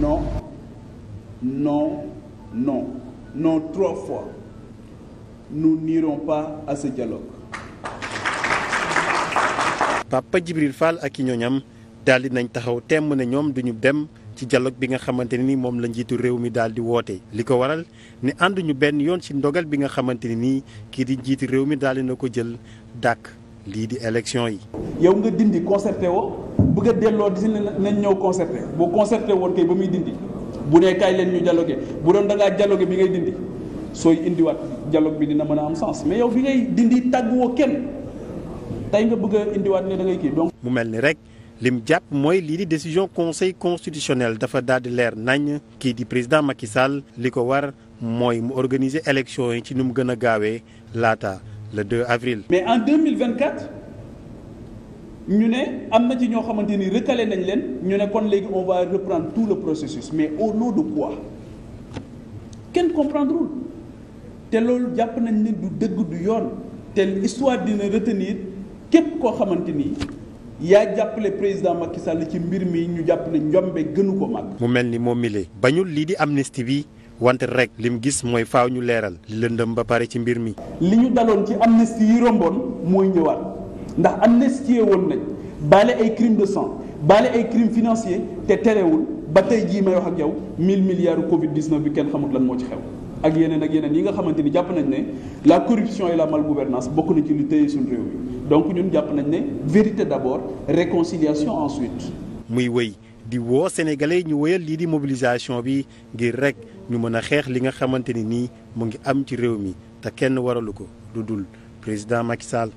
non, non, non, non ak i ñooñam daal nañ taxaw temm ne ñoom duñu dem ci dialogue bi nga xamante nii moom la njiitu réew mi daal di woote li ko waral ne ànduñu benn yoon ci ndogal bi nga xamante ni nii kii di njiitu réew mi daal na ko jël dàq lii di élection yi. yow nga dindi concerté bëgg a delloo di si ne nañ ñëw concerté boo concerté woon kay ba muy dindi bu nekkaay kaay leen ñu dialogué bu doon da ngaa dialogué bi ngay dindi sooy indiwaat dialogue bi dina mën a am sens mais yow bi ngay dindi tàgguwoo kenn tey nga bëgg indiwaat ne da ngay kii donc. mu mel ni rek lim jàpp mooy lii di décision conseil constitutionnel dafa daal di leer nàññ kii di président Macky Sall li ko war mooy mu organiser élection yi ci nu mu gën a gaawee laata le 2 avril. mais en 2024. ñu ne am na ci ñoo xamante ni recalé nañ leen ñu ne kon léegi on va reprendre tout le processus mais au nom de quoi kenn comprendrewul te loolu jàpp nañ ne du dëgg du yoon te histoire dina retenir képp koo xamante ni yaa jàppale président Macky ci mbir mii ñu jàpp ne njombe gënu ko mag. mu mel ni moom mile bañul lii di amnistie bi wante rek li mu gis mooy faaw ñu leeral li lëndëm ba pare ci mbir mi. li ñu daloon ci amnistie yi romboon mooy ñëwaat. ndax amnistie woon nañ baale ay crime de sang baale ay crime financier te terewul ba tey jii may wax ak yow 1000 milliards Covid 19 bi kenn xamut lan moo ci xew ak yeneen ak yeneen yi nga xamante ni jàpp nañ ne la corruption et la malgouvernance bokk na ci lu téye suñu réew mi donc ñun jàpp nañ ne vérité d'abord réconciliation ensuite. muy wéy di woo sénégalais ñu wéyal lii di mobilisation bi ngir rek ñu mën a xeex li nga xamante ni nii mu ngi am ci réew mi te kenn waralu ko lu dul président Macky Sall.